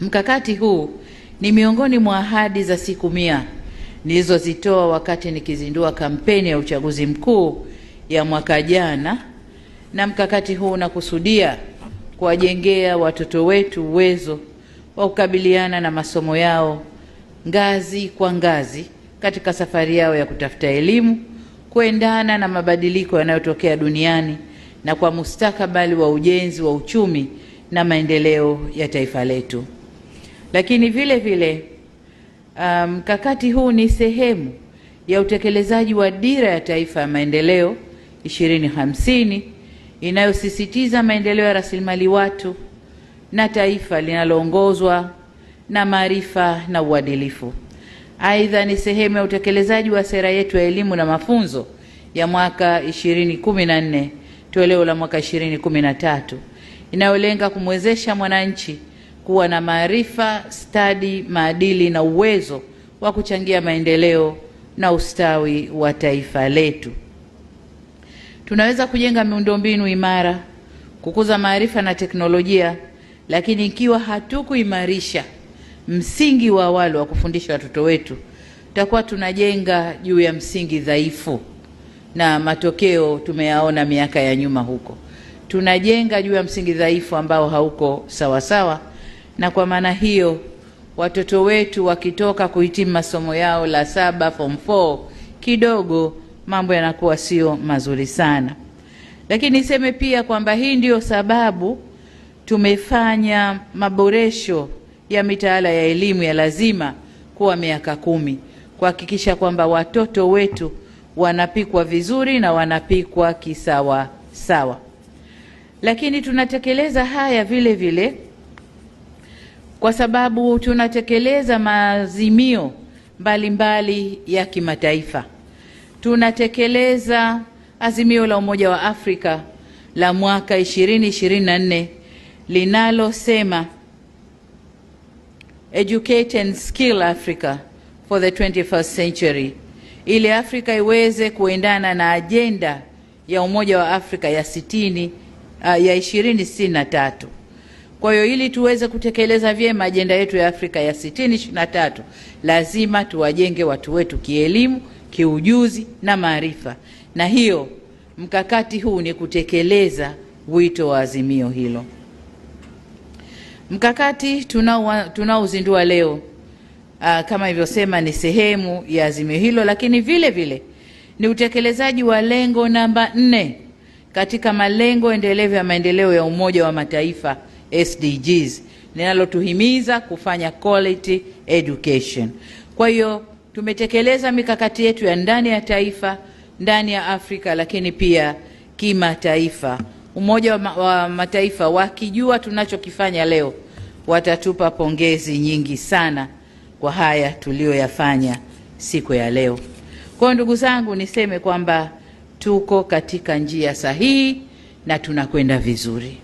Mkakati huu ni miongoni mwa ahadi za siku mia nilizozitoa wakati nikizindua kampeni ya uchaguzi mkuu ya mwaka jana, na mkakati huu unakusudia kuwajengea watoto wetu uwezo wa kukabiliana na masomo yao ngazi kwa ngazi katika safari yao ya kutafuta elimu, kuendana na mabadiliko yanayotokea duniani na kwa mustakabali wa ujenzi wa uchumi na maendeleo ya taifa letu. Lakini vile vile um, mkakati um, huu ni sehemu ya utekelezaji wa dira ya taifa ya maendeleo 2050 inayosisitiza maendeleo ya rasilimali watu na taifa linaloongozwa na maarifa na uadilifu. Aidha, ni sehemu ya utekelezaji wa sera yetu ya elimu na mafunzo ya mwaka 2014 toleo la mwaka 2013 inayolenga kumwezesha mwananchi kuwa na maarifa, stadi, maadili na uwezo wa kuchangia maendeleo na ustawi wa taifa letu. Tunaweza kujenga miundombinu imara, kukuza maarifa na teknolojia, lakini ikiwa hatukuimarisha msingi wa awali wa kufundisha watoto wetu, tutakuwa tunajenga juu ya msingi dhaifu, na matokeo tumeyaona miaka ya nyuma huko. Tunajenga juu ya msingi dhaifu ambao hauko sawasawa sawa na kwa maana hiyo watoto wetu wakitoka kuhitimu masomo yao la saba form 4 kidogo mambo yanakuwa sio mazuri sana. Lakini niseme pia kwamba hii ndiyo sababu tumefanya maboresho ya mitaala ya elimu ya lazima kuwa miaka kumi, kuhakikisha kwamba watoto wetu wanapikwa vizuri na wanapikwa kisawa sawa. Lakini tunatekeleza haya vile vile kwa sababu tunatekeleza maazimio mbalimbali ya kimataifa. Tunatekeleza azimio la Umoja wa Afrika la mwaka 2024 linalosema Educate and skill Africa for the 21st century, ili Afrika iweze kuendana na ajenda ya Umoja wa Afrika ya uh, ya 2063. Kwa hiyo ili tuweze kutekeleza vyema ajenda yetu ya Afrika ya sitini ishirini na tatu lazima tuwajenge watu wetu kielimu, kiujuzi na maarifa, na hiyo mkakati huu ni kutekeleza wito wa azimio hilo. Mkakati tunaozindua leo aa, ah, kama ilivyosema ni sehemu ya azimio hilo, lakini vile vile ni utekelezaji wa lengo namba nne katika malengo endelevu ya maendeleo ya Umoja wa Mataifa SDGs linalotuhimiza kufanya quality education. Kwa hiyo tumetekeleza mikakati yetu ya ndani ya taifa, ndani ya Afrika, lakini pia kimataifa. Umoja wa Mataifa wakijua tunachokifanya leo watatupa pongezi nyingi sana kwa haya tuliyoyafanya siku ya leo. Kwa hiyo ndugu zangu, niseme kwamba tuko katika njia sahihi na tunakwenda vizuri.